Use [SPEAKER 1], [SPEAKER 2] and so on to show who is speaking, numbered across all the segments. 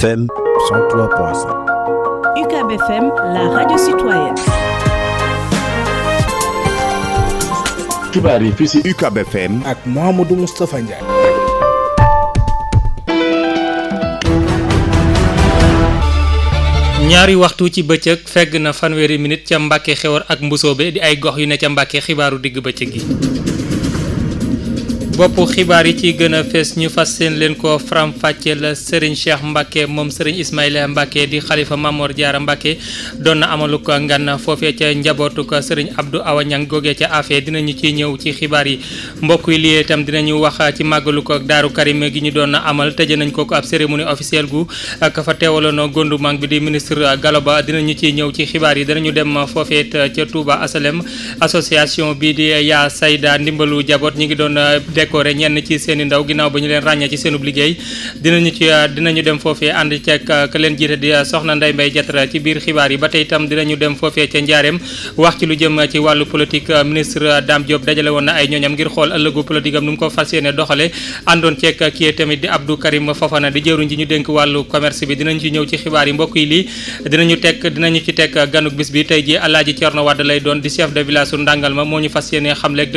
[SPEAKER 1] FM 103.5.
[SPEAKER 2] UCAB FM,
[SPEAKER 1] ak Mouhamadou ñaari
[SPEAKER 3] waxtu ci bëccëg fegg na fanweeri minute ca Mbàkke Xewar ak Mbusoobe di ay gox yu ne ca Mbàkke xibaaru digg bëccëg yi. bopp xibaar yi ci gën a fees ñu fas seen leen ko faram fàcceel Serigne Cheikh Mbacke moom Serigne Ismaïla Mbacke di xalifa Mamor Diarra Mbacke doon na amalu ko ngan foofee ca njabootu ko Serigne Abdou Awa Niang googee ca affaire dinañu ci ñëw ci xibaar yi mbokk yi lii itam ñu wax ci màggalu ko Daaru Karim gi ñu doon amal tëje nañ ko ab cérémonie officielle gu ka fa teewaloon gondu mang bi di ministre Gallo dina ñu ci ñëw ci xibaar yi danañu dem foofee ca Touba décoré ñenn ci seen i ndaw ginnaaw ba ñu leen ràññee ci seenub liggéey dinañu ci euh, dem foofee ànd ceeg ka jiite di euh, soxna Ndeye Mbaye Diatra ci biir xibaar yi ba tey itam dinañu dem foofee ca njaareem wax ci lu jëm ci wàllu politique euh, ministre Dame Diop dajale woon nu mu ko fas yéene doxale àndoon ceeg kii tamit Karim Fofana di jëwriñ ji ñu dénk wàllu commerce bi dinañ ci ñëw ci xibaar yi mbokk yi lii dinañu tekk dinañu ci tekk ganuk bis bi tey ji Alaaji Cerno Wàdd lay doon di chef de village su Ndàngal ma moo ñu fas yéene xamleeg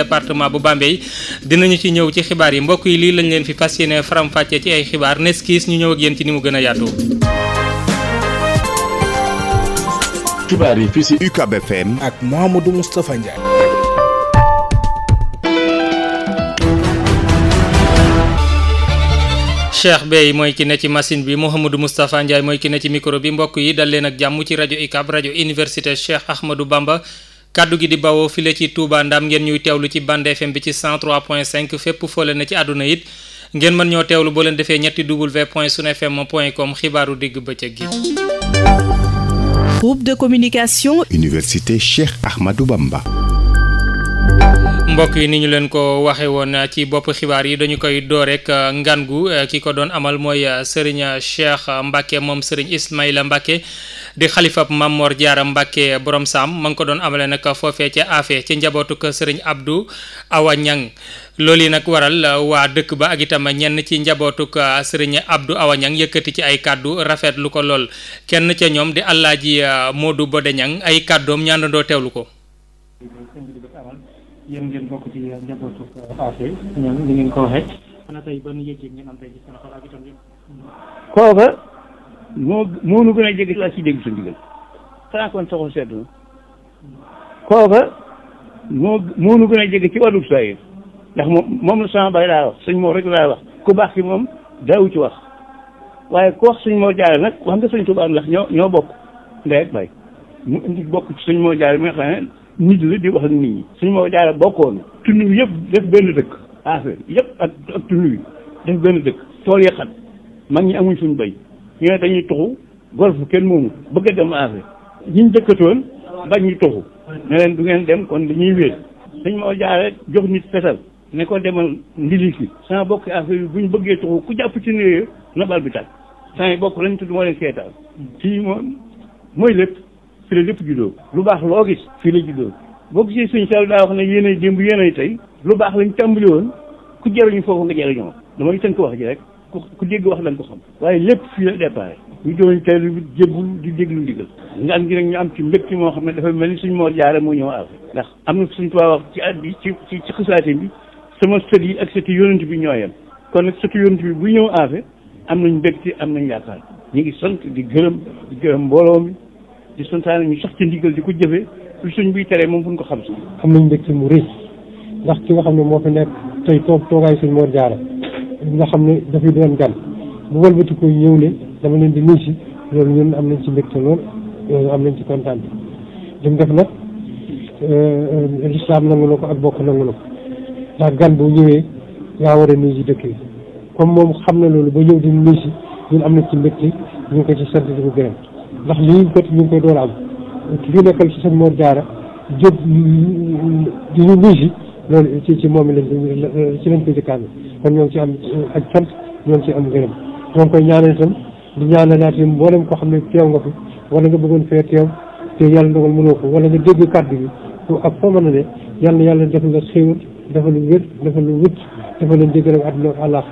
[SPEAKER 3] département bu Bambey dinañu ci ñëw ci xibaar yi mbokk yi lii lañ leen fi fas yéene faram-fàccee ci ay xibaar neskiis ñu ñëw ak yéen ci ni mu gën a yaatoo.
[SPEAKER 1] xibaar yi fii si UCAB FM ak Mouhamadou Moustapha Ndiaye.
[SPEAKER 3] Cheikh Bey mooy ki ne ci machine bi Mouhamadou Moustapha Ndiaye mooy ki ne ci micro bi mbokk yi dal leen ak jàmm ci rajo UCAB rajo université Cheikh Ahmadou Bamba kàddu gi di bawoo file ci Touba Ndam ngeen ñuy teewlu ci band FM bi ci 103.5 fépp foole na ci àdduna it ngeen mën ñoo teewlu boo leen defee ñetti www.sunfm.com xibaaru digg bëccëg gi.
[SPEAKER 1] groupe de
[SPEAKER 2] communication.
[SPEAKER 1] université Cheikh Ahmadou Bamba.
[SPEAKER 3] mbokk yi ni ñu leen ko waxe woon ci bopp xibaar yi dañu koy door rek euh, ngan gu euh, ki ko doon amal mooy euh, Serigne Cheikh Mbacke moom Serigne Ismaïla Mbacke. di xalifab Maam Mor Jaara Mbàkke borom saam ma ngi ko doon amale nag foofee ca afe ci njabootu ko sëriñ Abdou Awa Ñang loolu yi nag waral waa dëkk ba ak itam ñenn ci njabootuk sëriñ abdu Awa Ñang yëkkati ci ay kàddu rafet lu ko lool kenn ca ñoom di Alaaji euh, Moodu Bode Ñang ay kàddoom ñaandandoo teewlu ko
[SPEAKER 4] ko moo moo nu gën a jege ak ci dégg su ndigal xanaa kon saxul sedd na kooka moo moo nu gën a jege ci wàllu saa ndax moom moom la sama bay laa wax sëñ moo rek laa wax ku baax ki moom daawu ci wax waaye ku wax sëñ moo jaare nag wax nga sëñ Tuubaa ndax ñoo ñoo bokk ndey ak bay mu indi bokk ci sëñ moo jaare mi nga xam ne nit la di wax ak nit ñi sëñ moo jaare bokkoon tund yëpp def benn dëkk affaire yëpp ak ak tund wi def benn dëkk tool yi mag ñi amuñ fuñ bay ñu ne ñuy tuxu golf kenn moomu bëgg a dem Afrique ñiñ dëkkatoon bañ ñu tuxu ne du ngeen dem kon dañuy wéet suñ moo jaare jox nit fetal ne ko demal ndili si sama bokki Afrique bi buñ bëggee tuxu ku jàpp ci néeg na bal sa tàkk sama bokk lañ tudd moo leen seetaan fii moom mooy lépp fii lépp juddoo lu baax loo gis fii la juddoo boo gisee suñ sal daa wax ne yéenay démb yéenay tey lu baax lañ tàmbali woon ku jariñu foofu nga jariñoo damay tënk wax ku dégg wax da ko xam waaye lépp fii la déparé ñu doon tey lu jébbul di déglu ndigal nga am gi nag ñu am ci mbégte moo xam ne dafa mel ni suñ moor jaare moo ñëw aar ndax am na suñ tubaab wax ci at bi sama sët yi ak sëti yonent bi ñoo yem kon nag sëti yonent bi bu ñëw aafe am nañ mbégte am nañ yaakaar ñu ngi sant di gërëm gërëm mbooloo mi di santaane ñu sax ci ndigal di ko jëfee lu suñ buy teree moom fu ñu ko xam sax
[SPEAKER 5] am nañ mbégte mu rëy ndax ki nga xam ne moo fi nekk tey toog toogaay suñ moor nga xam ne dafay doon gan bu wëlbati ko ñëw ne dama leen di nuyu si loolu ñun am nañ ci mbégte lool loolu am nañ ci kontaan bi li def nag euh, euh, lislaam nangu na ko ak bokk na ko ndax gan bu ñëwee yaa war a nuyu si comme moom xam na loolu ba ñëw di nuyu si ñun am nañ ci mbégte ñu ngi ko ci sant di ko ndax lii kat ñu ngi koy door a am ki fi nekkal ci sëñ Mor Diarra jóg di ñu si loolu ci ci moom lañ ci lañ ko jëkkaan kon ñoo ngi ci am ak sant ñoo ngi ci am ngërëm ñoo ngi koy ñaanal itam di ñaanalaat yi mboolem koo xam ne teew nga fi wala nga bëggoon fee teew te yàlla ndogal ko wala nga dégg kàddu bi ak foo mën a ne yàlla yàlla la xéewal defal lu wér defal lu wut defal la njëggal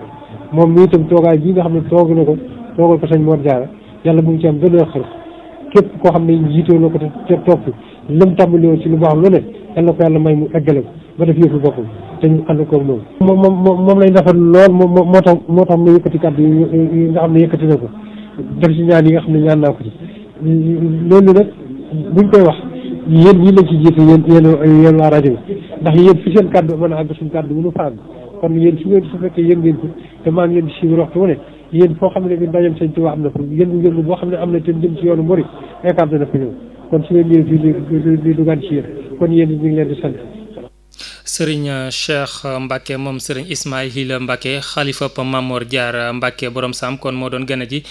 [SPEAKER 5] moom mi itam bii nga xam ne toog na ko toogal ko sañ Mor Diarra yàlla mu ngi ci am benn xel képp koo xam ne jiitoo na ko te topp lam tàmbali woon ci lu baax lu ne yàlla ko yàlla may mu eggale ko ba def yëfu boppam te ñu ànd koog loolu. moom moom moom lañ defar lool moo moo tax moo tax mu yëkkati kàddu yi nga xam ne yëkkati na yi nga xam ne ñaan naa ko ci loolu wax. yéen ñi lañ ci jiite yéen yéen yéen waa ndax yéen fi seen kàddu mën a àgg suñu kàddu mënu fa àgg kon yéen su ngeen su fekkee yéen ngeen ko te maa ngi boo xam ne am na te jëm ci yoonu mbori écarté na fa ñëw kon yen ngeen ci yéen kon yéen ñu ngi leen di sant
[SPEAKER 3] sëriñ Cheikh Mbacke moom sëriñ Ismaïla Mbacke xalifa Mamor Diar Mbacke borom saam kon moo doon gën ji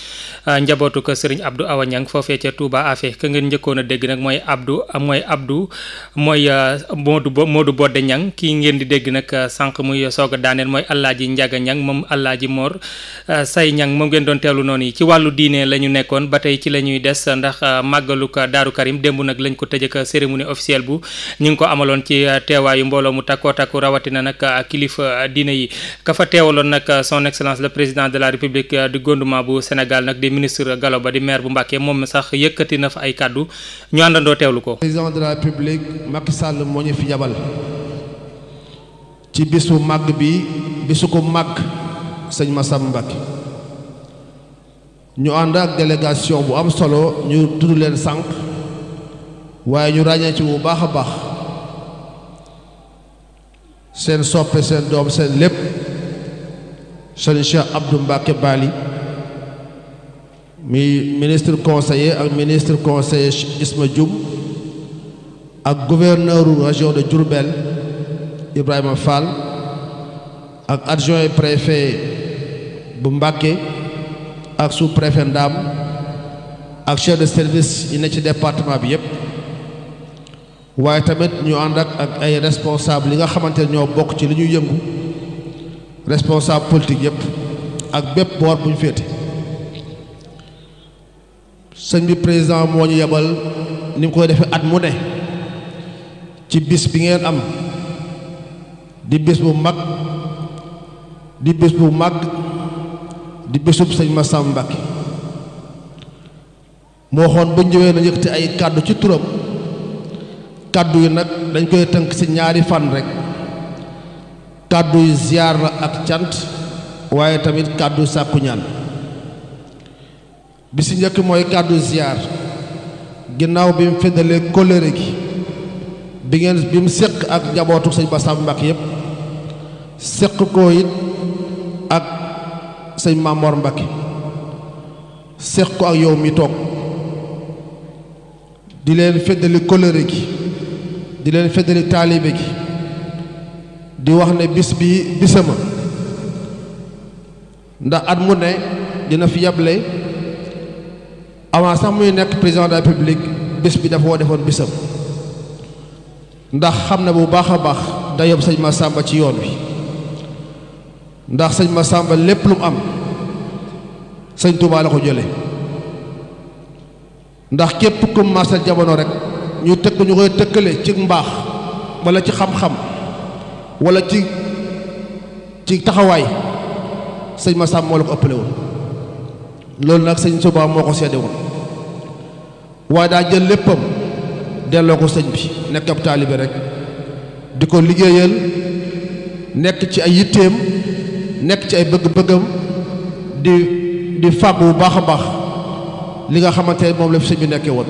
[SPEAKER 3] ah, njabootu ko sëriñ Abdou Awa Niang foofee ca Touba Afe ka ngeen njëkkoon a dégg nag mooy Abdou mooy Abdou mooy ah, Modou Modou Bodde Niang kii ngeen di dégg nag ah, sànq muy soog a daaneel mooy Alaaji Njaga Niang moom Alaaji Mor Say Niang moom ngeen doon teelu noonu yi ci wàllu diine la ñu nekkoon ba tey ci la ñuy des ndax màggalu Daaru Karim démb nag lañ ko tëjee ak cérémonie officielle bu ñu ngi ko amaloon ci teewaayu mbooloo mu takkoo takku rawatina nag ah, kilifa diine yi ka fa teewaloon nag ah, son excellence le président de la république ah, du gouvernement bu Sénégal nag di ministre Gallo Ba di maire bu Mbàkke moom sax yëkkati na fa ay kàddu ñu àndandoo teewlu ko.
[SPEAKER 1] président de la république Macky Sall moo ñu fi yabal ci bisu màgg bi bisu ko màgg sëñ Massam Mbàkke ñu ànd ak délégation bu am solo ñu tudd leen sànq waaye ñu ràññee ci bu baax a baax seen soppe seen doom seen lépp sëñ Cheikh Abdou Mbacke Bali mi ministre conseiller ak ministre conseiller Isma Dioum ak gouverneur région de Diourbel Ibrahima Fall ak adjoint préfet bu Mbacke ak sous préfet Ndam ak chef de service yi ne ci département bi yëpp waaye tamit ñu ànd ak ak ay responsable yi nga xamante ne ñoo bokk ci li ñuy yëngu responsable politique yëpp ak bépp boor bu ñu féete sëñ bi président moo ñu yebal ni mu koy defee at mu ne ci bis bi ngeen am di bis bu mag di bis bu mag di bisub sëñ Massamba Mbacké moo xoon bu ñëwee na yëkkati ay kàddu ci turam kàddu yi nag dañ koy tënk ci ñaari fan rekk kàddu yu ziyaar la ak cant waaye tamit kàddu sàkku bi ci njëkk mooy kàddu ziyaar ginnaaw bi mu feddalee kóllëre gi bi ngeen bi mu séq ak njabootu sëñ Bassam Mbacké yépp séq ko it ak sëñ Mamor Mbacké séq ko ak yow mi toog di leen feddali kóllëre gi di leen feddali taalibe gi di wax ne bis bi bisama ndax at mu ne dina fi yable avant sax muy nekk président de la république bis bi dafa woo defoon bisam ndax xam na bu baax a baax dayob sëñ Massamba ci yoon wi ndax sëñ Massamba lépp lu am sëñ Touba la ko jële ndax képp ku maasal jamono rek ñuy tëkk ñu koy tëkkale ci mbaax walla ci xam-xam wala ci ci taxawaay sëñ Massam moo la ko ëppale woon loolu nag sëñ Tuubaa moo ko seede woon waaye daa jël léppam delloo ko sëñ bi nekk ab taalibe rek di ko liggéeyal nekk ci ay yitteem nekk ci ay bëgg-bëggam di di fàgg bu baax a baax li nga xamante moom la sëñ bi nekkee woon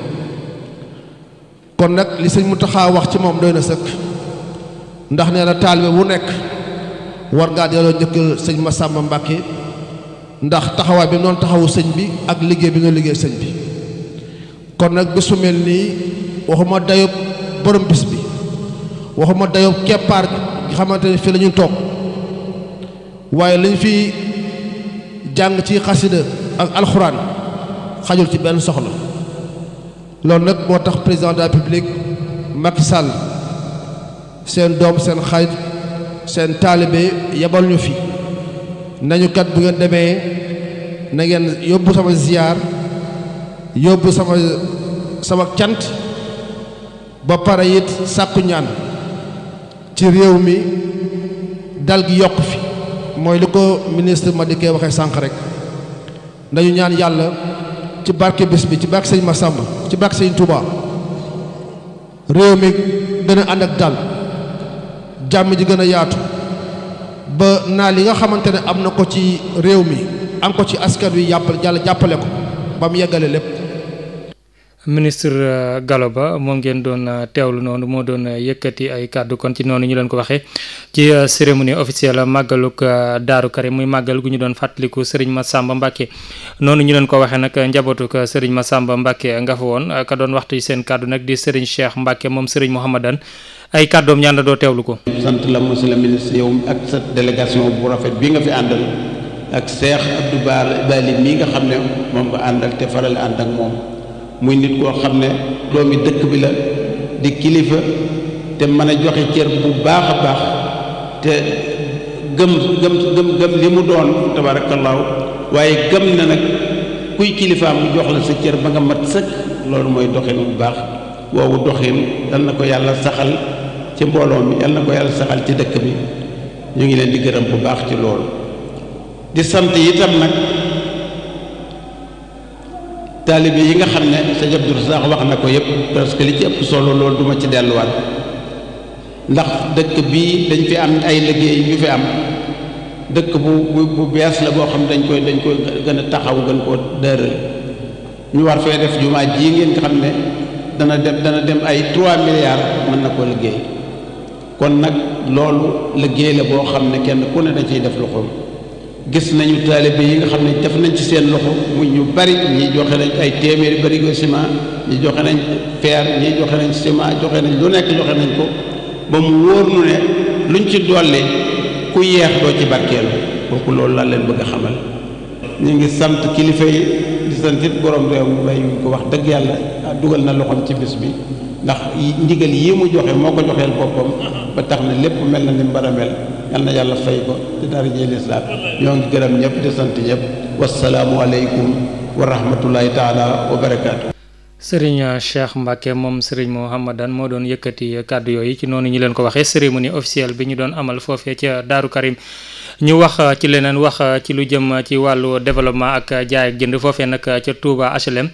[SPEAKER 1] kon nag li sëñ Muntaxa wax ci moom doy na sëkk ndax nee na taalibe bu nekk war ngaa delloo njëkkal sëñ ma sàmm Mbàkke ndax taxawaay bi noonu taxawu sëñ bi ak liggéey bi nga liggéey sëñ bi kon nag bésu nii waxuma dayob borom bis bi waxuma dayob keppaar gi xamante ne fii lañuy toog waaye liñ fi jàng ci xasida ak alxuraan xajul ci benn soxla loolu nag moo tax président de la République Macky seen doom seen xarit seen taalibe yebal ñu fi nañu kat bu ngeen demee na ngeen yóbbu sama ziyaar yóbbu sama sama cant ba pare it sàkku ñaan ci réew mi dal gi yokk fi mooy li ko ministre Madické waxee sànq rek nañu ñaan yàlla ci barke bés bi ci barke sëñ Massamba ci barke sëñ Touba réew mi gën a ànd ak dal jàmm ji gën a yaatu ba naal yi nga xamante ne am na ko ci réew mi am ko ci askan wi yàppal jàll jàppale ko ba mu yeggale lépp
[SPEAKER 3] ministre euh, galo Ba moom ngeen doon euh, teewlu noonu moo doon euh, yëkkati ay kàddu kon ci noonu ñu leen ko waxee ci cérémonie officielle màggaluk Daaru Karim muy màggal gu ñu doon fàttaliku ma Massamba Mbacke noonu ñu leen ko waxee nag njabootuk ma Massamba Mbacke nga fa woon ka doon waxtu seen kàddu nag di Serigne Cheikh Mbacke moom Serigne Mouhamadan ay kàddoom ñaan doo teewlu ko. sant la monsieur le ministre yow ak sa délégation bu rafet bi nga fi àndal ak Cheikh
[SPEAKER 6] xam ne moom nga àndal te muy nit koo xam ne doomi dëkk bi la di kilifa te mën a joxe cër bu baax a baax te gëm gëm gëm li mu doon tabaarakallaahu waaye gëm na nag kuy kilifaam mu jox la sa cër ba nga mat sëkk loolu mooy doxin bu baax woowu doxin yal na ko yàlla saxal ci mbooloo mi yal na ko yàlla saxal ci dëkk bi ñu ngi leen di gërëm bu baax ci loolu di sant itam nag taalibe yi nga xam ne sëñ Abdou Razak wax na ko yëpp parce que li ci ëpp solo loolu duma ci delluwaat ndax dëkk bii dañ fi am ay liggéey yu fi am dëkk bu bu bees la boo xam ne dañ koy dañ koy gën a taxaw gën koo dëral ñu war fee def jumaa ji ngeen xam ne dana dem dana dem ay 3 milliards mën na koo liggéey kon nag loolu liggéey la boo xam ne kenn ku ne da ciy def loxoom gis nañu taalibe yi nga xam ne def nañ ci seen loxo mu ñu bari ñi joxe nañ ay téeméeri barigo ciment ñi joxe nañ fer ñi joxe nañ ciment joxe nañ lu nekk joxe nañ ko ba mu wóor nu ne luñ ci dolli ku yeex doo ci barkeelu kooku loolu laa leen bëgg a xamal ñu ngi sant kilifa yi di sant it borom réew mi bay ko wax dëgg yàlla ah, dugal na loxoom ci bis bi ndax ndigal yi mu joxe moo ko joxeel boppam ba tax na lépp mel na ni mbara yal na yàlla fay ko ci darajey lislaam ñoo ngi gërëm ñëpp di sant ñëpp
[SPEAKER 3] wasalaamu aleykum wa rahmatullahi taala wa barakaatu. sëriñ moom sëriñ Mouhamadane moo doon yëkkati kàddu yooyu ci noonu ñu leen ko waxee cérémonie officielle bi ñu doon amal foofee ca Daaru Karim ñu wax euh, ci leneen wax euh, ci lu jëm euh, ci wàllu développement ak jaay ak jënd foofee nag ca Touba HLM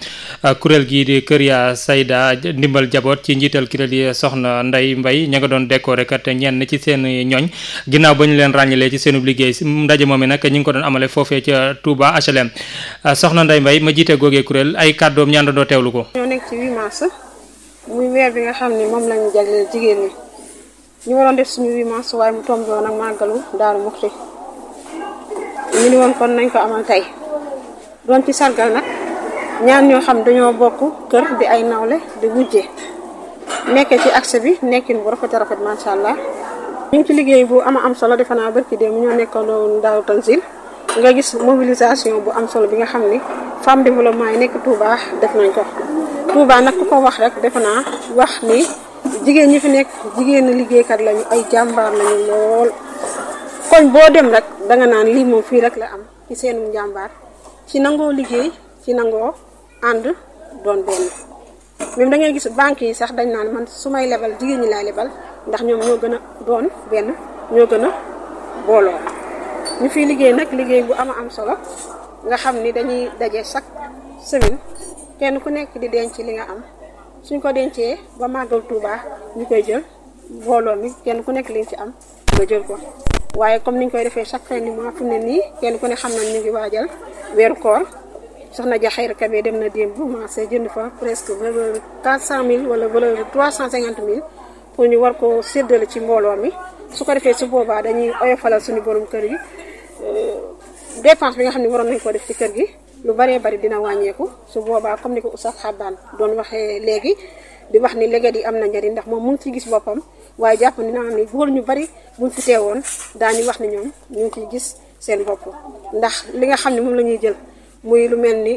[SPEAKER 3] kuréel gii di Kër Ya Sayda ndimbal jaboot ci njiital kuréel yi soxna nday Mbay ña nga doon décoré kat ñenn ci seen ñooñ ginnaaw ba ñu leen ràññalee ci seenub liggéey ndaje moom mi nag ñi ngi ko doon amale foofee ca Touba HLM soxna Ndey Mbay ma jiite googee kuréel ay kàddoom ñaan doon teewlu ko.
[SPEAKER 2] ñoo nekk ci 8 mars muy weer bi nga xam ne moom lañu ñu ni woon kon nañ ko amal tey doon ci sargal nag ñaan ñoo xam dañoo bokk kër di ay nawle di wujjee nekkee ci accès bi nekkin bu rafet rafet macha allah. ñu ngi ci liggéey bu ama am solo defe naa barki démb ñoo nekkoon daaw Tanzil nga gis mobilisation bu am solo bi nga xam ni fem développement yi nekk Touba def nañ ko. Touba nag ku ko wax rek defe naa wax ni jigéen ñi fi nekk jigéen liggéeykat lañu ay jàmbaar lañu lool. koñ boo dem rek danga naan lii moom fii rek la am ci seenum njàmbaar ci nangoo liggéey ci nangoo ànd doon benn même da gis banque yi sax dañ naan man su may lebal jigéen ñi laay lebal ndax ñoom ñoo gën a doon benn ñoo gën a booloo ñu fiy liggéey nag liggéey bu ama am solo nga xam ni dañuy daje chaque semaine kenn ku nekk di denc li nga am suñ ko dencee ba màggal Tuubaa ñu koy jël mbooloo mi kenn ku nekk li nga ci am nga jël ko waaye comme niñ koy defee chaque fin du mois fu ne nii kenn ku ne xam na ñu ngi waajal weeru koor soxna Jaxeer Kabe dem na démb man se jënd fa presque valeur quatre cent mille wala valeur trois cent cinquante mille pour ñu war ko séddale ci mbooloo mi su ko defee su boobaa dañuy oyofalal suñu borom kër gi euh, dépense bi nga xam ne waroon nañ koo def ci kër gi lu bare bëri dina wàññeeku su boobaa comme ni ko Oustaz Xabaan doon waxee léegi di wax ni léegi yi am na njëriñ ndax moom mu ngi ci gis boppam waaye jàpp ni ñoo xam ne góor ñu bari buñ fi teewoon daañu wax ne ñoom ñu ngi ciy gis seen bopp ndax li nga xam ne moom la ñuy jël muy lu mel ni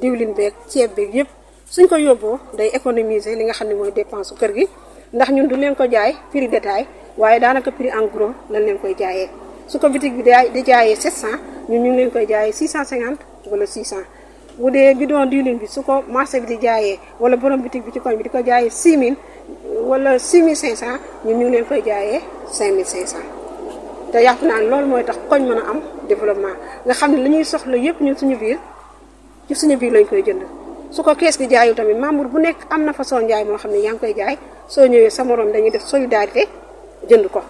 [SPEAKER 2] diwlin beeg ceeb beeg yëpp suñ ko yóbboo day économiser li nga xam ne mooy dépense su kër gi ndax ñun du leen ko jaay prix détail waaye daanaka prix en gros lañ leen koy jaayee su ko bitig bi day di jaayee 700 ñun ñu ngi leen koy jaayee 650 wala 600 bu dee bidon diwlin bi su ko marché bi di jaayee wala borom bitig bi ci koñ bi di ko jaayee 6000 wala 6500 ñun ñu ngi leen koy jaayee 5500 te yàpp naa loolu mooy tax koñ mën a am développement nga xam ne li ñuy soxla yëpp ñun suñu biir ci suñu biir lañ koy jënd su ko kees gi jaayul tamit membre bu nekk am na façon njaay moo xam ne yaa ngi koy jaay soo ñëwee sa morom dañuy def solidarité jënd ko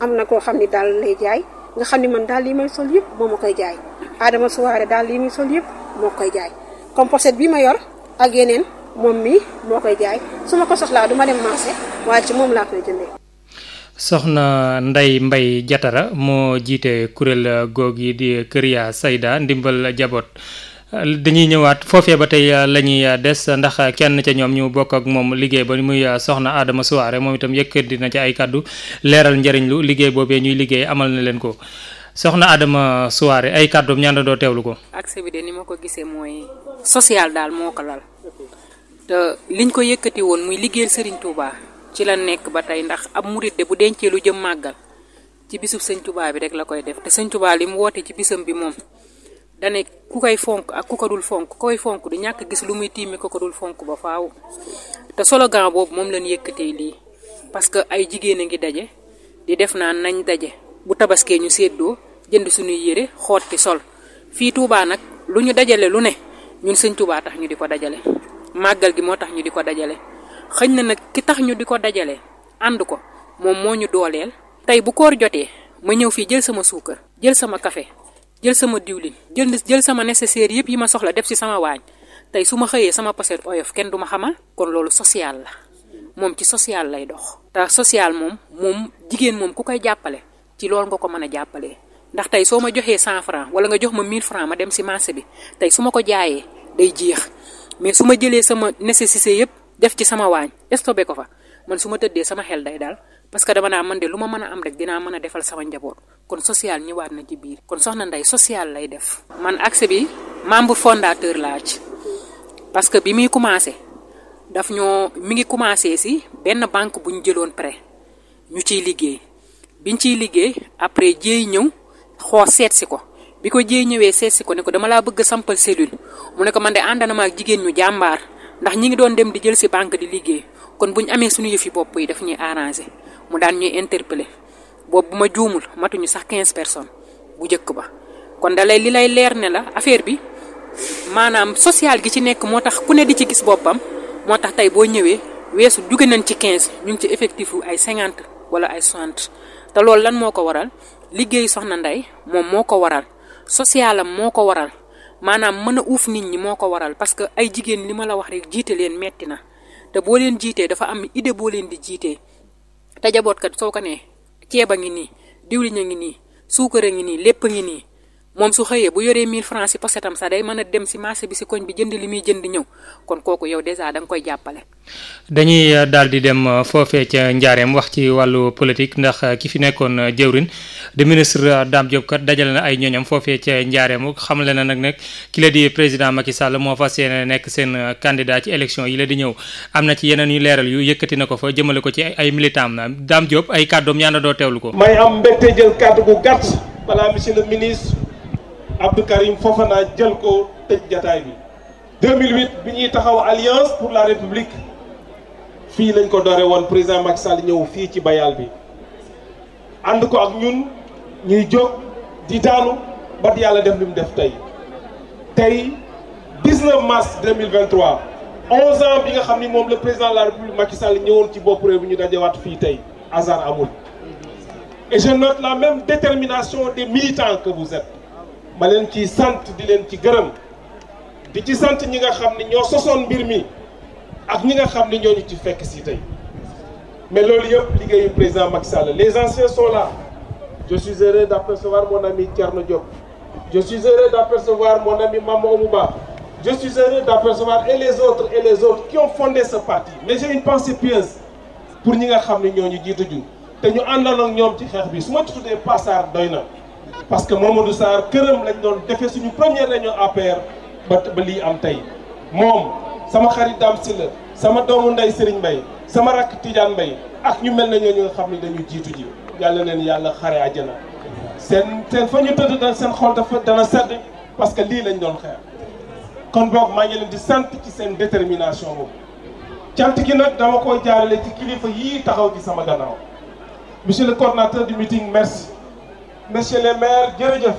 [SPEAKER 2] am na koo xam ni daal lay jaay nga xam ne man daal yi may sol yëpp moom ma koy jaay Adama Souare daal yi muy sol yëpp moo koy jaay composite ma yor ak yeneen. moom mi moo koy jaay su ma ko soxlaa du dem marché waaye ci moom laa koy jëndee.
[SPEAKER 3] soxna Ndeye Mbaye Diatara moo jiite kuréel goog yi di Kër yaa Sayda ndimbal jaboot dañuy ñëwaat foofee ba tey la des ndax kenn ca ñoom ñu bokk ak moom liggéey ba muy soxna Adama Suwaare moom itam yëkkati ci ay kàddu leeral njëriñ lu liggéey boobee ñuy liggéey amal na leen ko soxna Adama ay kàddu ko.
[SPEAKER 7] ni ma ko gisee mooy social daal moo ko lal. te liñ ko yëkkati woon muy liggéeyal Serigne Touba ci la nekk ba tey ndax am murit de bu dencee lu jëm màggal ci bisub sëñ bi rek la koy def te sëñ li mu woote ci bisam bi moom dane ku koy fonk ak ku ko fonk koy fonk du ñàkk gis lu muy tiimi ko ko dul fonk ba faaw te solo slogan boobu moom lañ yëkkatee lii parce que ay jigéen a ngi daje di def naan nañ daje bu tabaskee ñu séddoo jënd suñuy yére xoot ci sol fii Touba nag lu ñu dajale lu ne ñun sëñ tax ñu di ko dajale màggal gi moo tax ñu di ko dajale xëñ na nag ki tax ñu di ko dajale ànd ko moom moo ñu dooleel tey bu koor jotee ma ñëw fii jël sama suukar jël sama kafe jël sama diwlin jël jël sama nécessaire yëpp yi ma soxla def si sama waañ tey su ma xëyee sama poset oyof kenn du ma xamal kon loolu social la moom ci sociale lay dox te social moom moom jigéen moom ku koy jàppale ci loolu nga ko mën a jàppalee ndax tey soo ma joxee cent franc wala nga jox ma mille ma dem ci bi tey su ma ko jaayee day jeex mais su ma jëlee sama nécessité yëpp def ci sama waañ stocké ko fa man su ma tëddee sama xel day daal parce que dama naa man de lu ma mën a am rek dinaa mën a defal sama njaboot kon social ñëwaat na ci biir. kon soxna nday sociale lay def. man accès bi membre fondateur laa ci parce que bi muy commencé daf ñoo mi ngi commencé si benn banque bu ñu jëloon prêt ñu ciy liggéey biñ ciy liggéey après jéey ñëw xoo seet si ko. bi ko jee ñëwee seet si ko ne ko dama laa bëgg a sampal cellule mu ne ko man de ànd na ma ak jigéen ñu jàmbaar ndax ñi ngi doon dem di jël si banque di liggéey kon bu ñu amee suñu yëfi bopp yi daf ñuy arrangé mu daan ñuy interpeller boobu ma juumul matuñu sax quinze personnes bu njëkk ba kon da lay li lay leer ne la affaire bi maanaam social gi ci nekk moo tax ku ne di ci gis boppam moo tax tey boo ñëwee weesu jóge nañ ci quinze ñu ngi ci effectif ay 50 wala ay 60 te loolu lan moo ko waral liggéey soxna Ndey moom moo ko waral. socialam moo ko waral maanaam mën a uuf nit ñi moo ko waral parce que ay jigéen li ma la wax rek jiite leen metti na te boo leen jiitee dafa am idée boo leen di jiitee te jaboot kat soo ko nee ceeb a ngi nii diwlin a ngi nii suukar a ngi nii lépp a ngi nii moom su xëyee bu yoree 1000 francs si posetam sax day mën a dem si marché bi si koñ bi jënd li muy jënd ñëw kon kooku yow dèjà da nga koy jàppale.
[SPEAKER 3] dañuy euh, daal di dem euh, foofee ca njaareem wax ci wàllu politique ndax euh, ki fi nekkoon jëwrin di ministre daam Diop kat dajale na ay ñooñam foofe ca njaareem xamle na nag nag ki la di président Macky Sall moo fa yéene nekk seen candidat ci élection yi la di ñëw am na ci yeneen yu leeral yu yëkkati na ko fa jëmale ko ci ay militant na Dame Diop ay kàddoom ñaan na doo teewlu ko.
[SPEAKER 8] Abdou Karim Fofana jël ko tëj jataay bi 2008 bi ñuy taxaw alliance pour la république fii lañ ko dore woon président Macky Sall ñëw fii ci bayal bi ànd ko ak ñun ñuy jóg di daanu bat yàlla def li mu def tey tey 19 mars 2023 11 ans bi nga xam ni moom le président de la république Macky Sall ñëwoon ci bopp réew bu ñu dajewaat fii tey hasard amul et je la même détermination des militants que vous êtes ma leen ci sant di leen ci gërëm di ci sant ñi nga xam ne ñoo sosoon mbir mi ak ñi nga xam ne ñoo ñu ci fekk sii tey mais loolu yëpp liggéeyu président Macky Sall les anciens sont là je suis heureux d'apercevoir mon ami Thierno Diop je suis heureux d'apercevoir mon ami Maman Oumouba je suis heureux d'apercevoir et les autres et les autres qui ont fondé ce parti mais j'ai une pensée pieuse pour ñi nga xam ne ñoo ñu jiitu ju te ñu àndal ak ñoom ci xeex bi su ma tuddee Passar doy na. parce que Mamadou Sarr këram lañ doon defee suñu première réunion APR ba ba lii am tey moom sama xarit Dame Sylla sama doomu ndey sëriñ Mbaye sama rakk Tidiane Mbaye ak ñu mel ne ñoo ñu nga xam ne dañu jiitu ji yàlla leen yàlla xare àjjana seen seen fa ñu tëdd da seen xol dafa dana sedd parce que lii lañ doon xeex kon boog maa ngi leen di sant ci seen détermination boobu cant gi nag dama koy jaarale ci kilifa yii taxaw ci sama gannaaw monsieur le coordonnateur du meeting monsieur le maire jërëjëf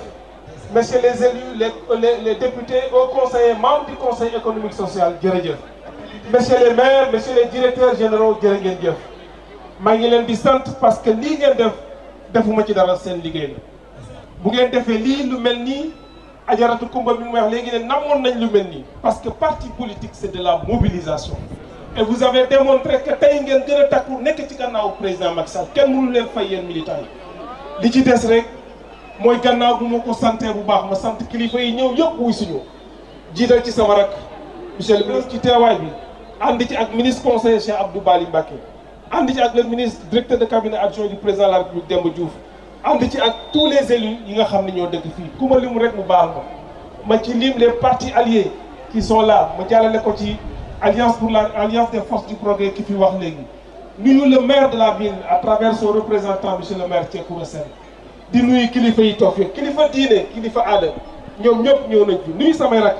[SPEAKER 8] monsieur les élus les, les les députés aux conseillers membres du conseil économique social jërëjëf. monsieur le maire monsieur les directeurs jër jërë ngeen jëf maa ngi leen di sant parce que lii ngeen def defuma ci dara seen liggéey la bu ngeen defee lii lu mel nii ajaratu kumba bi mu wax léegi ne namoon nañ lu mel nii parce que parti politique c'est de la mobilisation et vous avez démontré que tey ngeen gën a takku nekk ci gannaaw président Macky Sall kenn mënu leen fay yéen militants yi li ci des rek mooy gannaaw bu ma ko santee bu baax ma sant kilifa yi ñëw yëpp wuy suñu jiital ci sama rak monsieur le ministre ci teewaay bi ànd ci ak ministre conseiller Cheikh Abdou Bali Mbacké ànd ci ak le ministre directeur de cabinet adjoint du président de la République Demba Diouf ànd ci ak tous les élus yi nga xam ne ñoo dëkk fii ku ma lim rek mu baax ma ma ci lim les partis alliés qui sont ma jàllale ko ci alliance pour la alliance des forces du ki fi wax léegi nuyu le maire de la ville à travers son représentant monsieur le maire Thiékoura Sène di nuyu kilifa yi toog fi kilifa diine kilifa aada ñoom ñëpp ñëw nañ fi nuyu samay rak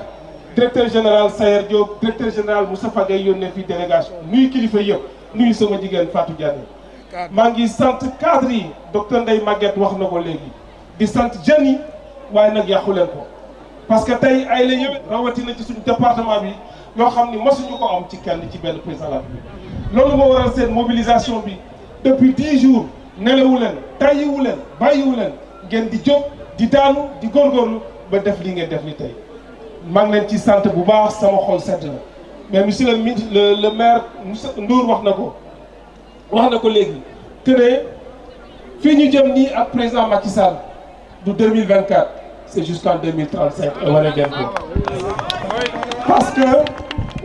[SPEAKER 8] directeur général Sayer Diop directeur général Moustapha Gaye yónnee fii délégation nuyu kilifa yëpp nuyu sama jigéen Fatou Diané maa ngi sant cadre yi docteur Ndeye Maguette wax na ko léegi di sant jeunes yi waaye nag yàqu leen ko parce que tey ay la yëwét rawatina ci suñu département bi ñoo xam ni mosuñu ko am ci kenn ci benn président loolu moo war a seen mobilisation bi depuis dix jours nelawu leen tàyyiwu leen leen ngeen di jóg di daanu di góorgóorlu ba def li ngeen def ni tey maa leen ci sant bu baax sama xol sedd na mais monsieur le ministre le maire Moussa Ndour wax na ko wax na ko léegi que fii ñu jëm nii ak président ci Sall du 2024 c' est jusqu' en 2035 et war a dem ko parce que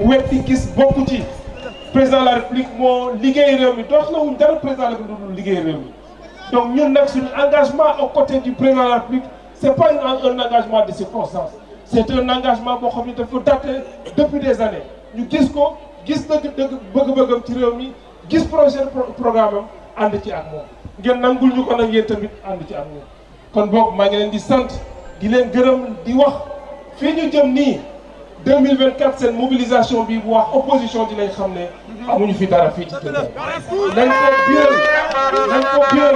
[SPEAKER 8] wetti gis bokku ci président la république moo liggéey réew mi doot la wuñ dara président de la république liggéey réew mi donc ñun nag suñu engagement aux côtés du président de la république c' est engagement de si c' est un engagement boo xam ne daf ko daté depuis des années ñu gis ko gis dëgg dëgg bëgg-bëggam ci réew mi gis projet programme am ànd ci ak moom ngeen nangul ñu ko nag tamit ànd ci ak moom kon boog maa ngi leen di sant di leen gërëm di wax fii ñu jëm deux mille vingt quatre seen mobilisation bi bu wax opposition dinañ xam ne amuñu fi dara fii ci Touba nañ ko biral nañ ko biral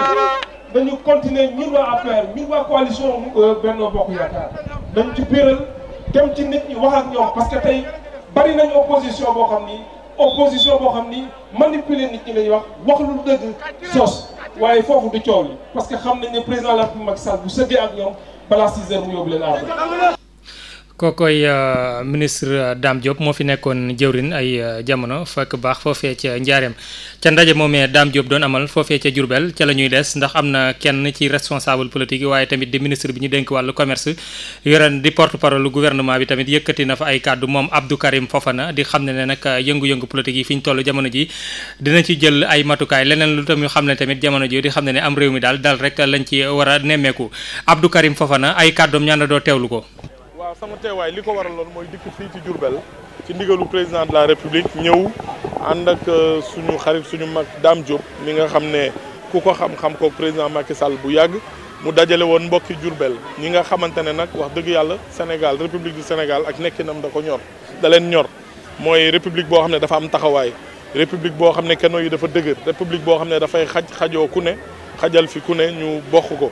[SPEAKER 8] nañu continuer ñun waa APR ñun waa coalition euh, Benno Bokk Yaakaar nañ ci biral dem ci nit ñi wax ak ñoom parce que tey bari nañu opposition boo xam ni opposition boo xam ni manipuler nit ñi lañuy wax wax lu dëgg sos waaye foofu du coow yi parce que xam nañ ne président la Macky Sall bu sëggee ak ñoom balaa 6 heures mu yóbbu leen
[SPEAKER 3] kookoy euh, ministre euh, daam Diop moo fi nekkoon jëwrin ay euh, jamono fekk baax foofee ca Njaareem ca ndaje moomee Dame Diop doon amal foofee ca Diourbel ca la ñuy des ndax am na kenn ci responsable politique yi waaye tamit di ministre bi ñu dénk wàllu commerce yoren di porte parole gouvernement bi tamit yëkkati na fa ay kàddu moom Abdou Karim Fofana di xam ne ne nag yëngu-yëngu politique yi fi ñu toll jamono ji dina ci jël ay matukaay leneen lu tamit xam ne tamit jamono ji di xam ne ne am réew mi daal daal rek lañ ci war a nemmeeku Abdou Karim Fofana ay kàddoom ñaan doo teewlu ko
[SPEAKER 9] waaw sama teewaay li ko waral waraloon mooy dikk fii ci Diourbel ci ndigalu président de la république ñëw ànd ak euh, suñu xarit suñu mag daam Diop mi nga xam ne ku ko xam-xam ko président Macky Sall bu yàgg mu dajale woon mbokki Diourbel ñi nga xamante ne nag wax dëgg yàlla Sénégal république du Sénégal ak nekkinam da ko ñor da leen ñor mooy république boo xam ne dafa am taxawaay république boo xam ne kenn yi dafa dëgër république boo xam ne dafay xaj xajoo ku ne xajal fi ku ne ñu bokk ko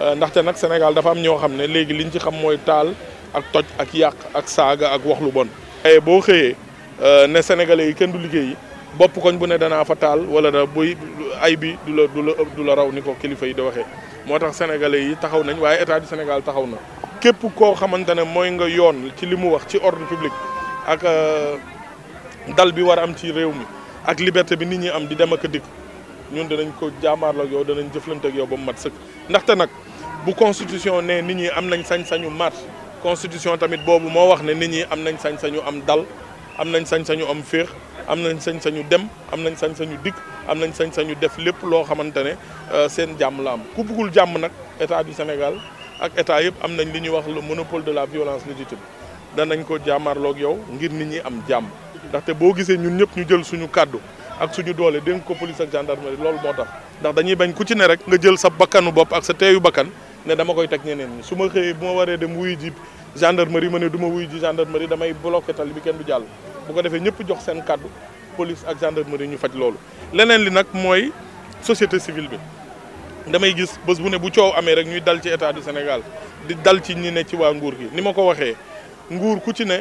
[SPEAKER 9] euh, ndaxte nag Sénégal dafa am ñoo xam ne léegi liñ ci xam mooy taal ak toj ak yàq ak saaga ak wax lu bon. ay eh, boo xëyee euh, ne sénégalais yi kenn du liggéeyi bopp koñ bu ne danaa fa taal wala da buy ay bi du la du la du la raw ni ko kilifa yi di waxee moo tax sénégalais yi taxaw nañ waaye état du Sénégal taxaw na. képp koo xamante ne mooy nga yoon ci li mu wax ci ordre public ak euh, dal bi war a am ci réew mi ak liberté bi nit ñi am di dem ak a dikk ñun danañ ko jaamaarloo yow danañ jëflante ak yow ba mu mat sëkk ndaxte nag bu constitution ne nit ñi am nañ sañ-sañu marche constitution tamit boobu moo wax ne nit ñi am nañ sañ-sañu am dal am nañ sañ-sañu am féex am nañ sañ-sañu dem am nañ sañ-sañu dikk am nañ sañ-sañu def lépp loo xamante ne euh, seen jàmm la am ku bëggul jàmm nag état du Sénégal ak état yëpp am nañ li ñuy wax le monopole de la violence légitime danañ ko jàmmarloog yow ngir nit ñi am jàmm ndaxte boo gisee ñun ñëpp ñu jël suñu kàddu ak suñu doole dénk ko police ak gendarmerie loolu moo tax ndax dañuy bañ ku rek nga jël sa bakkanu bopp ak sa teeyu bakkan ne dama koy teg ñeneen ñi su ma xëyee bu ma waree dem wuyu ji gendarmerie ma ne du ma wuyu ji gendarmerie damay bloqué tali bi kenn du jàll bu ko defee ñëpp jox seen kàddu police ak gendarmerie ñu faj loolu. leneen li nag mooy société civile bi damay gis bés bu ne bu coow amee rek ñuy dal ci état du Sénégal di dal ci ñi ne ci waa nguur gi ni ma ko waxee nguur ku ci ne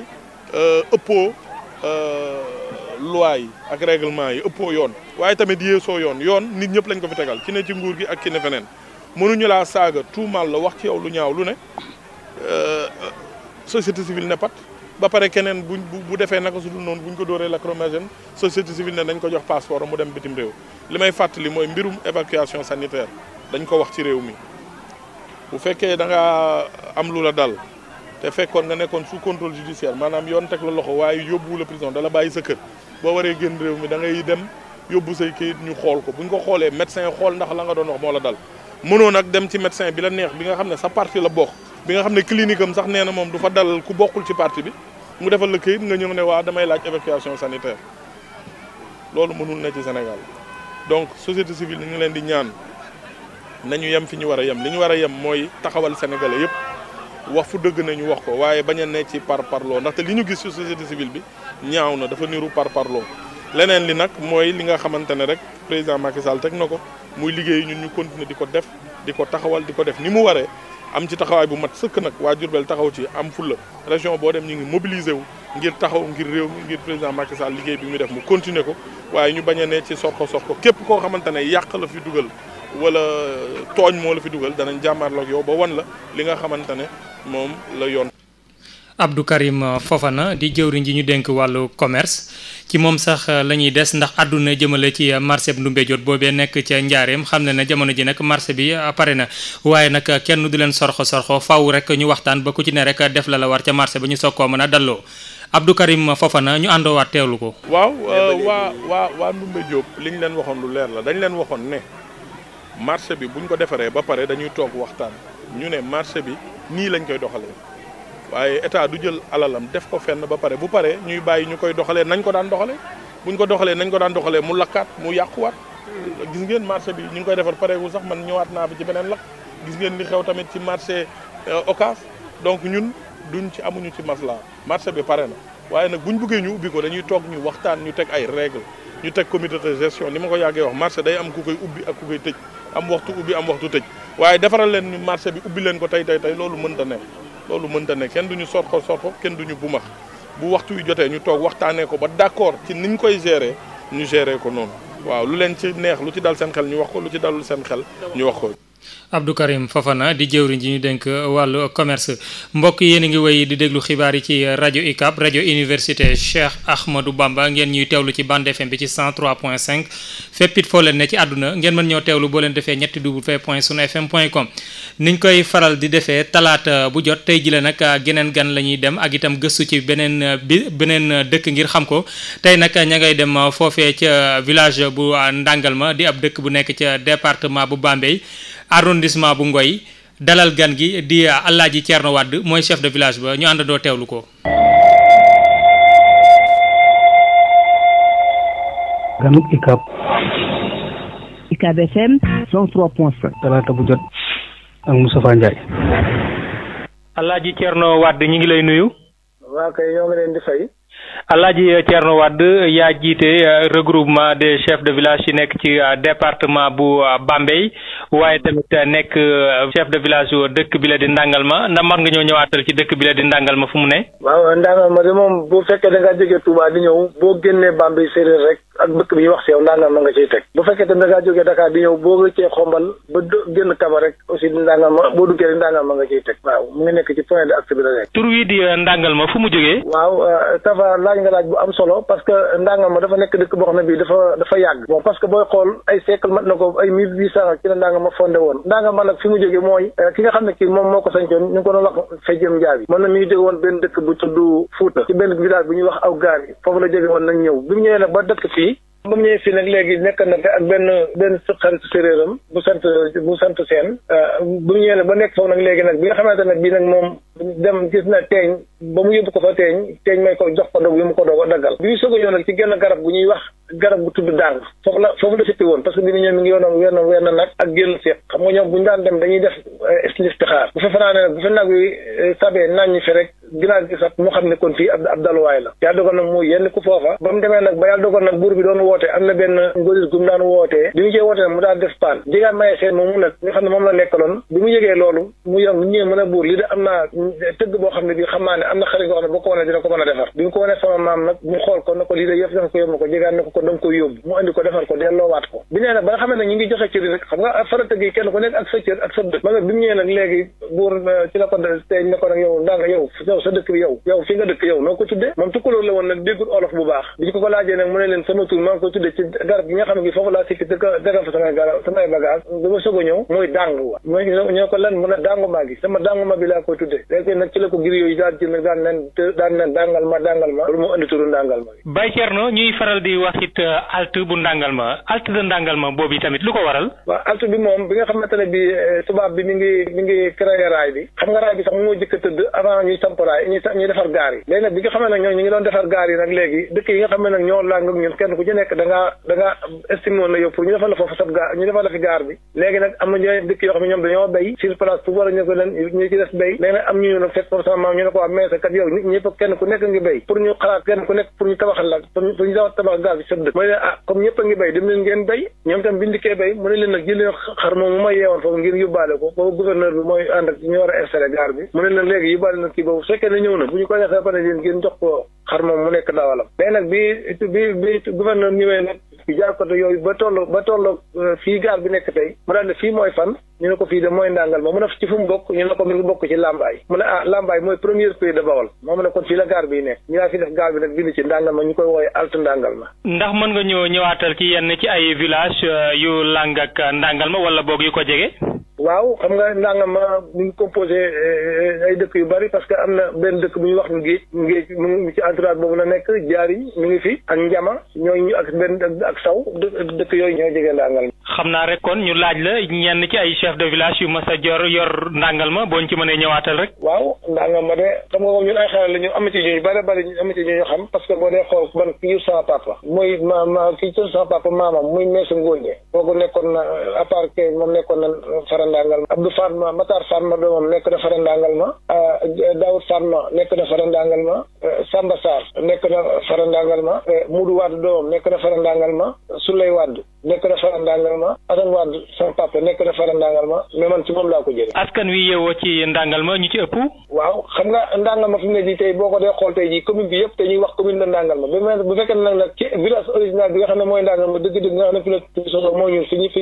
[SPEAKER 9] euh, ëppoo euh, loi yi ak règlement yi ëppoo yoon waaye tamit yéesoo yoon yoon nit ñëpp lañ ko fi tegal ki ne ci nguur gi ak ki ne feneen. mënuñu laa saaga tuumaal la wax ci yow lu ñaaw lu ne euh, société civile ne pat ba pare keneen buñ bu defee naka su dul noonu buñ ko dooree dóoree lacrymogène société civile ne dañ ko jox passeport mu dem bitim réew li may fàttali mooy mbirum évacuation sanitaire dañ ko wax ci réew mi bu fekkee da nga am lu la dal te fekkoon nga nekkoon sous contrôle judiciaire maanaam yoon teg la loxo waaye yóbbuwu la prison dala bàyyi sa kër boo waree gën réew mi da ngay dem yóbbu say kayit ñu xool ko buñ ko xoolee médecin xool ndax la nga doon moo la dal mënoo nag dem ci médecin bi la neex bi nga xam ne sa parti la bokk bi nga xam ne clinique am sax nee na moom du fa dal ku bokkul ci parti bi mu defal la këyit nga ñëw ne waa damay laaj évacuation sanitaire loolu mënul ne ci Sénégal donc société civile ñu ngi leen di ñaan nañu yem fi ñu war a yem li ñu war a yem mooy taxawal sénégalais yépp wax fu dëgg ñu wax ko waaye bañ a ne ci par parloo ndaxte li ñu gis ci société civile bi ñaaw na dafa niru par parloo leneen li nag mooy li nga xamante ne rek président Macky Sall teg na ko muy liggéey ñun ñu continuer di ko def di ko taxawal di ko def ni mu waree am ci taxawaay bu mat sëkk nag waa Diourbel taxaw ci am fulla région boo dem ñu ngi mobiliser wu ngir taxaw ngir réew mi ngir président Macky liggéey bi mu def mu continuer ko waaye ñu bañ a ne ci sox ko sox ko képp koo xamante ne yàq la fi dugal wala tooñ moo la fi dugal danañ jàmmarloog yow ba wan la li nga xamante ne moom la yoon
[SPEAKER 3] Abdou Karim Fofana di jëwriñ ji ñu dénk wàllu commerce ci moom sax la ñuy des ndax àdduna jëmale ci marché bu ndumbe jot boobee nekk ca njaareem xam na ne jamono ji nag marché bi pare na waaye nag kenn du leen sorxo sorxo faw rek ñu waxtaan ba ku ci ne rek def la la war ca marché ba ñu soog koo mën a dalloo Abdou Karim Fofana ñu àndoo waat teelu ko.
[SPEAKER 9] waaw euh, waa waa waa Ndumbe Diop li ñu leen waxoon lu leer la dañ leen waxoon ne marché bi buñ ko defaree ba pare dañuy toog waxtaan ñu marché bi nii lañ koy doxalee. waaye état du jël alalam def ko fenn ba pare bu pare ñuy bàyyi ñu koy doxalee nañ ko daan doxalee buñ ko doxalee nañ ko daan doxalee mu lakkaat mu yàquwaat. gis ngeen marché bi ñu ngi koy defar pareegul sax man ñëwaat naa fi ci beneen lakk gis ngeen li tamit ci marché euh, Ocass donc ñun duñ ci amuñu ci maslaa marché bi pare na waaye nag buñ buggee ñu ubbi ko dañuy toog ñu waxtaan ñu teg ay règle ñu teg comité de gestion ni ma ko yàggee wax marché day am ku koy ubbi ak ku am waxtu ubbi am waxtu tëj waaye defaral leen ñu marché bi ubbi leen ko tey tey tey loolu mënta ne loolu mënta ne kenn du ñu sorko sorko kenn du ñu bumax bu waxtu wi jotee ñu toog waxtaanee ko ba d'accord ci niñ koy gérer ñu gérer ko noonu waaw lu leen ci neex lu ci dal seen xel ñu wax ko lu ci dalul seen xel ñu wax ko.
[SPEAKER 3] Abdou Karim Fofana di jëwriñ ji ñu dénk wàllu commerce mbokk yéen a ngi woy di déglu xibaar yi ci rajo UCAB rajo université Cheikh Ahmadou Bamba ngeen ñuy teewlu ci band FM bi ci 103.5 fépp it foo leen ne ci àdduna ngeen mën ñoo teewlu boo leen defee ñetti w point sunu fm point com niñ koy faral di defee talaata bu jot tey ji la nag geneen gan la ñuy dem ak itam gëstu ci beneen bi beneen dëkk ngir xam ko tey nag ña ngay dem foofee ca village bu Ndangal ma di ab dëkk bu nekk ca département bu Bambey arrondissement bu Ngoy dalal gan gi di Alaaji Thierno Wade mooy chef de village ba ñu àndandoo teewlu ko.
[SPEAKER 5] talaata bu jot ak Moustapha Ndiaye.
[SPEAKER 3] Alaaji Thierno Wade ñu ngi lay nuyu.
[SPEAKER 10] waa kay ñoo ngi leen di fay.
[SPEAKER 3] Alaaji Thierno Wade yaa jiite euh, regroupement des chefs de village yi nekk ci euh, département bu euh, Bambey waaye tamit nekk chef de village yu dëkk bi la di Ndangalma ndax man nga ñëw ñëwaatal ci dëkk bi la di Ndangalma fu mu ne.
[SPEAKER 10] waaw Ndangalma de moom boo fekkee da ngaa jógee Touba di ñëw boo génnee Bambey séeréer rek ak dëkk bi ñuy wax si yow Ndangalma nga ciy teg. bu fekkee tamit da ngaa jógee Dakar di ñëw boo rëccee xombal ba génn Kaba rek aussi di Ndangalma boo duggee rek Ndangalma nga ciy teg. waaw mu ngi nekk ci point de vraiment laaj nga laaj bu am solo parce que Ndangam dafa nekk dëkk boo xam ne bii dafa dafa yàgg bon parce que booy xool ay siècle mat na ko ay mille huit cent ci la Ndangam ma fondé woon Ndangam nag fi mu jógee mooy euh, ki nga xam ne kii moom moo ko sañcoon ñu ko doon wax Fejjem Njaabi moom na mi ngi jóge woon benn dëkk bu tudd Fuuta ci benn village bu ñuy wax aw gaar yi foofu la jóge woon nag ñëw bi mu ñëwee nag ba dëkk fii ba mu ñëwee fii nag léegi nekka na ak benn benn xarit séréeram bu sant bu sant seen euh, bu mu ñëwee nag ba nekk foofu nag léegi nag bi nga xamante nag bii nag moom dem gis na teeñ ba mu yóbbu ko fa teeñ teeñ may ko jox ko dog yu mu ko doog a daggal bi ñu a ñëw nag ci genn garab gu ñuy wax garab gu tudd dàng foofu la foofu la sippi woon parce que bi mu ñëw mi ngi yoonoon weer na weer na nag ak génn seet xam nga ñoom bu ñu daan dem dañuy def euh, listixaar bu fa fanaane nag bu fa nag yi euh, sabee nañ fi rek village bi sax mu xam ne kon fii ab ab la yàlla dogal nag mu yenn ku foofa ba mu demee nag ba yàlla dogal nag buur bi doon woote am na benn ngolis gu mu daan wootee bi mu cee woote nag mu mu yëgee a buur li da am naa tëgg boo xam ne bi xam na xarit boo xam a defar nag na ko ba nga xamee nag léegi buur ci yow sa dëkk bi yow yow fi nga dëkk yow noo ko tuddee moom tukulóor la woon nag déggul olof bu baax bi nga xam a bi nga xamante bi euh, tubaab bi mi ngi mi ngi créé raay bi xam nga raay bi sax moo jëkk tëdd avant ñuy samp Nicolas ñuy defar gaar yi nag bi nga xamee nag ñu ngi doon defar gaar yi nag léegi dëkk yi nga xamee nag ñoo laa ngak ñun kenn ku ci nekk da ngaa da ngaa yow pour ñu defal la foofu sab gaar ñu defal la fi gaar bi léegi nag am na ñooy dëkk yoo xam ne ñoom dañoo béy sur place pour war a ñu ko nag ñu ne ko waa mais kat yow nit kenn ku nekk ngi béy pour ñu xalaat kenn ku nekk pour ñu tabaxal la pour ñu tabax gaar bi sab dëkk mooy ne ah fekkee ne ñëw na bu ñu ko defee ba pare yéen ngeen jox ko xar moom mu nekk ndawalam mais nag bi bi bi gouverneur ñëwee nag ci jàkkote yooyu ba toll ba toll euh, fii gaal bi nekk tey mu daal ne fii mooy fan ñu ne ko fii de mooy ndàngal ma mu ne ci fu mu bokk ñu ne ko mi ngi bokk ci Lambaay mu ne ah Lambaay mooy premier pays de Bawol moo mu ne kon fii la gaar bi nekk ñu daa fi def gaar bi nag bind ci ndàngal ma ñu koy wooye alt ndàngal ma
[SPEAKER 3] ndax mën nga ñëw ñëwaatal ci yenn ci ay village euh, yu làng ak euh, ndàngal ma wala boog yu ko jege waaw xam nga
[SPEAKER 10] ndàngal ma ñu ngi composé euh, ay dëkk yu bari parce que am na benn dëkk bu ñu wax ngéej ngéej mu ngi ci entourage boobu la nekk jaar yi mi ngi fi ak njama ñooñu ak benn ak saw dëkk yooyu ñoo jege ndàngal ma
[SPEAKER 3] xam naa rek kon ñu laaj la ñenn ci ay chef de village yu mas a jor yor ndàngal ma boo ñu ci mënee ñëwaatal rek.
[SPEAKER 10] waaw ndàngal ma de xam nga moom ñun ay xelal la ñu am ci ñu ñu xam parce que boo dee xool man kii sama papa mooy ma ma kii sama papa maamam muy meesu ngóonde kooku nekkoon na à part que moom nekkoon na fara ndàngal ma Abdou Fatma Matar Fatma doomam nekk na fara ndàngal ma ah, Daoud Fatma nekk na fara ndàngal ma eh, Samba Sarr nekk na fara ndàngal ma eh, Moudou Wade doomam nekk na fara ndàngal ma Souley Wade nekk na faral Ndangalma ci moom laa ko
[SPEAKER 3] jëlee. askan wi yeewoo ci Ndangalma ñu ci ëpp.
[SPEAKER 10] waaw xam nga Ndangalma fi tey boo ko dee xool tey commune bi yëpp te ñu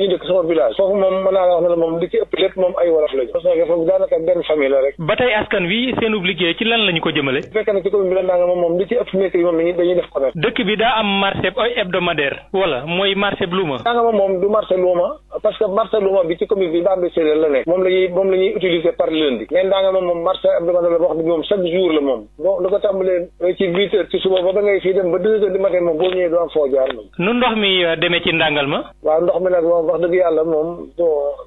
[SPEAKER 10] dëkk sama village. foofu moom mën naa la wax ne la moom li ci ëpp lépp moom ay wolof lañu. daanaka benn famille rek.
[SPEAKER 3] ba tey askan wi seen liggéey ci lan la ko jëmale. bu fekkee nag ci commune
[SPEAKER 10] bi la Ndangalma moom li ci
[SPEAKER 3] ëpp nekk yi moom dañuy def commerce. dëkk bi daa am marché hebdomadaire wala
[SPEAKER 10] luuma. sàngama moom du marché luuma parce que marché luuma bi ci commune bi Bambey Séeréer la nekk. moom la ñuy moom la ñuy utiliser par lundi. mais ndàngama moom marché moom chaque jour la moom. bon ko tàmbalee ci huit ba dem moom boo ñëwee doo am foo moom.
[SPEAKER 3] nu ndox mi euh, demee ci ndàngal ma.
[SPEAKER 10] waaw ndox mi nag moom wax dëgg yàlla moom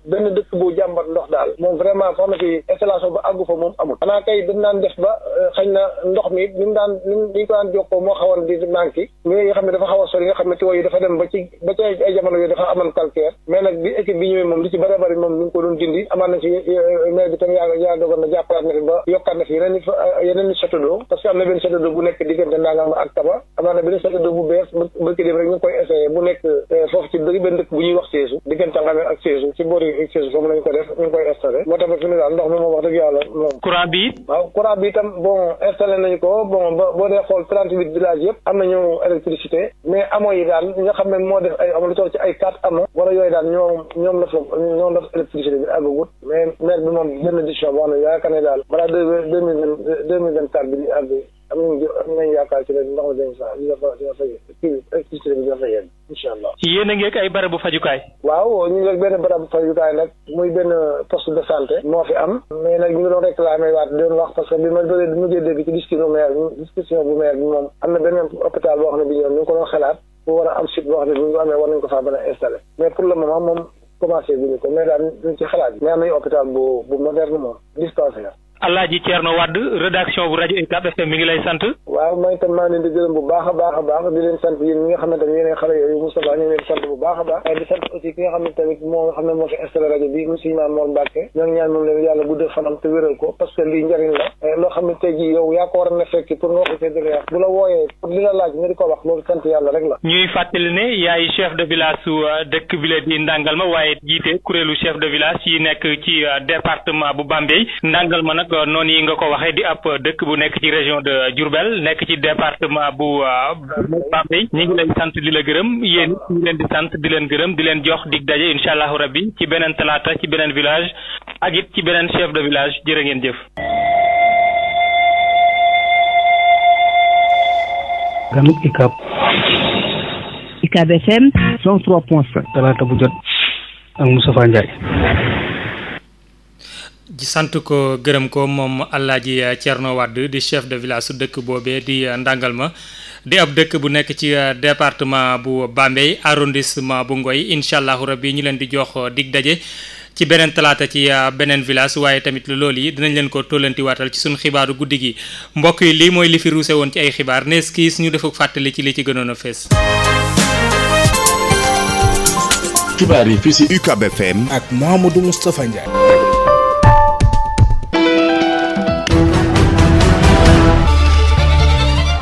[SPEAKER 10] benn dëkk bu jàmbat ndox daal. moom vraiment foo xam ne fii installation ba àggu fa moom amul. Euh, na ndox mi ni mu daan ni mu ko xam ne dafa xaw a sori nga xam ne tuyau dafa dem ba ci ba ci jamono yooyu dafa amoon calcaire mais nag bi équipe bi ñëwee moom li ci bëree bëri moom ñu ngi ci euh, euh, mais bi moom wax dëgg yàlla bon installé nañu ko bon boo dee xool trente huit villages yëpp am nañu électricité mais amoo yi daal nga xam ne moo def ay amul ci ay carte am na wala yooyu daal ñoom ñoom la fa ñoom la fa électricité bi àggagut mais bi moom benn décision boo xam yaakaar ne daal balaa deux deux mille vingt deux mille vingt quatre bi di àgg am nañu am nañu la ndox mi dañ sa dina fa dina fa yegg kii bi dina fa yegg allah.
[SPEAKER 3] yéen a ngeeg ay barabu fajukaay.
[SPEAKER 10] waaw ñu ngi benn barabu fajukaay nag muy benn poste de santé moo fi am. mais nag ñu ngi doon réclamé waat di doon wax parce que bi ma doon mujjee dégg ci discussion maire discussion bu maire bi moom am na beneen hôpital xalaat. bu war am site boo xam ne bu ñu amee war nañ ko faa mën a installé mais pour commencé bu ñu ko mais daal ñu ci xalaat yi am nañu hôpital bu bu moderne moom dispensaire
[SPEAKER 3] Alaaji Thierno Wade rédaction bu rajo UCAB FM mi ngi lay sant.
[SPEAKER 10] waaw mooy itam maa leen di gërëm bu baax a baax a baax di leen sant yéen ñi nga a baax di sant aussi ki nga xam ne tamit moo xam ne moo fi rajo bi mu Maam Mor Mbacke ñoo ngi ñaan moom leen yàlla guddal fanam te wéral ko parce que lii njëriñ la eh, loo xam ne tey jii yow yaa ko war a fekki pour nga wax dëgg bu la wooyee pour li la laaj nga di ko wax loolu sant yàlla rek la
[SPEAKER 3] ñuy fàttali ne yaay chef de village su euh, dëkk bi la di Ndangalma waaye jiite kuréelu chef de village yi nekk ci euh, département bu Bambey Ndangalma nag nag euh, noonu yi nga ko waxee di ab dëkk bu nekk ci région de Diourbel nekk ci département bu euh, Bambey ñu ngi leen sant di la gërëm yéen ñu leen di sant di leen gërëm di leen jox dig daje incha allahu rabbi ci beneen talaata ci beneen village ak ci beneen chef de village jërë ngeen jëf.
[SPEAKER 5] talaata bu jot ak Moustapha Ndiaye.
[SPEAKER 3] di sant ko gërëm ko moom Alaaji Thierno Wade di chef de village su dëkk boobe di Ndangalma di ab dëkk bu nekk ci euh, département bu Bambey arrondissement bu Ngoy incha allahu rabbi ñu leen di jox euh, dig daje ci beneen talaata ci euh, beneen village waaye tamit lool yi dinañ leen ko tollantiwaatal ci suñu xibaaru guddi gi mbokk yi lii mooy li ruuse woon ci ay xibaar nees kii ñu def fàttali ci li ci gënoon a fees.
[SPEAKER 1] ak Mouhamadou Moustapha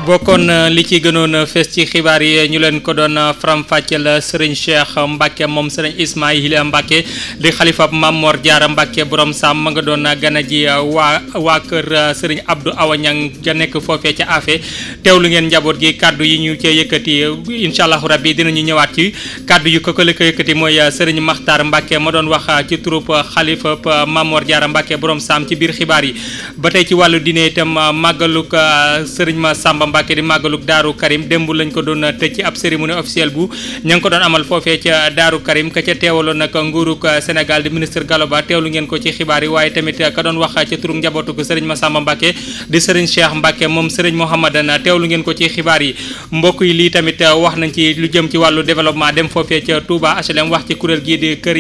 [SPEAKER 3] bokkoon euh, li ci gënoon euh, fees ci xibaar yi ñu leen ko doon euh, faram-fàcceel sëriñ Cheikh Mbacke moom sëriñ Ismaïla Mbacke di xalifa mamoor Mor Diarra Mbacke borom saam ma nga doon gana ji waa waa kër sëriñ Abdou Awa Niang ga nekk foofee ca Afe lu ngeen njaboot gi kaddu yi ñu cee yëkkati incha allahu rabbi dinañu ñëwaat ci kaddu yi ko ko la ko mooy sëriñ Makhtar Mbacke ma doon wax ci troupe xalifa mamoor Mor Diarra Mbacke borom saam ci biir xibaar yi ba tey ma Samba Mbàkke di màggalug Daaru Karim démb lañ ko doon tëj ci ab cérémonie officielle bu ña ngi ko doon amal foofee ca Daaru Karim ka ca teewaloon nag nguurug Sénégal di ministre Gallo Ba teewlu ngeen ko ci xibaar yi waaye tamit ka doon wax ca turu njabootu ko Serigne Massamba di Serigne Cheikh Mbàkke moom Serigne Mouhamadana teewlu ngeen ko ci xibaar yi mbokk lii tamit wax nañ ci lu jëm ci wàllu développement dem foofee ca Touba HLM wax ci kuréel gii di Kër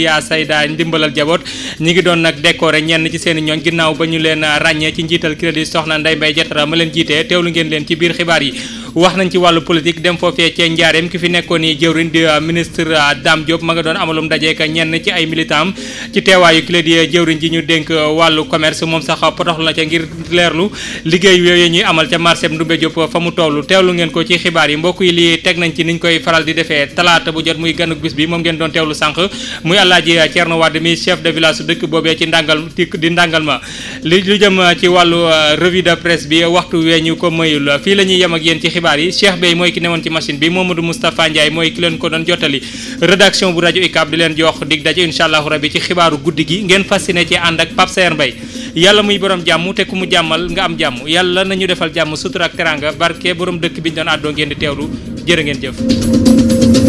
[SPEAKER 3] Yaa xibaar yi wax nañ ci wàllu politique dem foofee cee njaareem ki fi nekkoon ni jëwriñ di euh, ministre euh, Dame Diop ma nga doon amalum ndajeek ñenn ci ay militant ci teewaayu ki la di euh, jëwriñ ji ñu dénk wàllu commerce moom sax potoxlu na ca ngir leerlu liggéey yooyu ñuy amal ca marché Ndoumbé Diop fa mu tollu teewlu ngeen ko ci xibaar yi mbokk yi lii teg nañ ci niñ koy faral di defee talaata bu jot muy ganuk bis bi moom ngeen doon teewlu sànq muy àllaaji Thierno Wade mi chef de village su dëkk boobee ci ndàngal di ndàngal ma li lu jëm ci wàllu revue de presse bi waxtu wee ñu ko mayul fii la ñuy yem ak yéen ci xibaar yi Cheikh Bey mooy ki newoon ci machine bi Mamadou Moustapha Ndiaye mooy ki leen ko doon jottali rédaction bu rajo UCAB di leen jox dig daje incha allahu rabi ci xibaaru guddi gi ngeen fasciné ci ànd ak Pape Saer Mbaye yàlla muy borom jàmm te ku mu jàmmal nga am jàmm yàlla ñu defal jàmm sutura ak teranga barke borom dëkk bi ñu doon àddoo ngeen di teewlu jërë ngeen jëf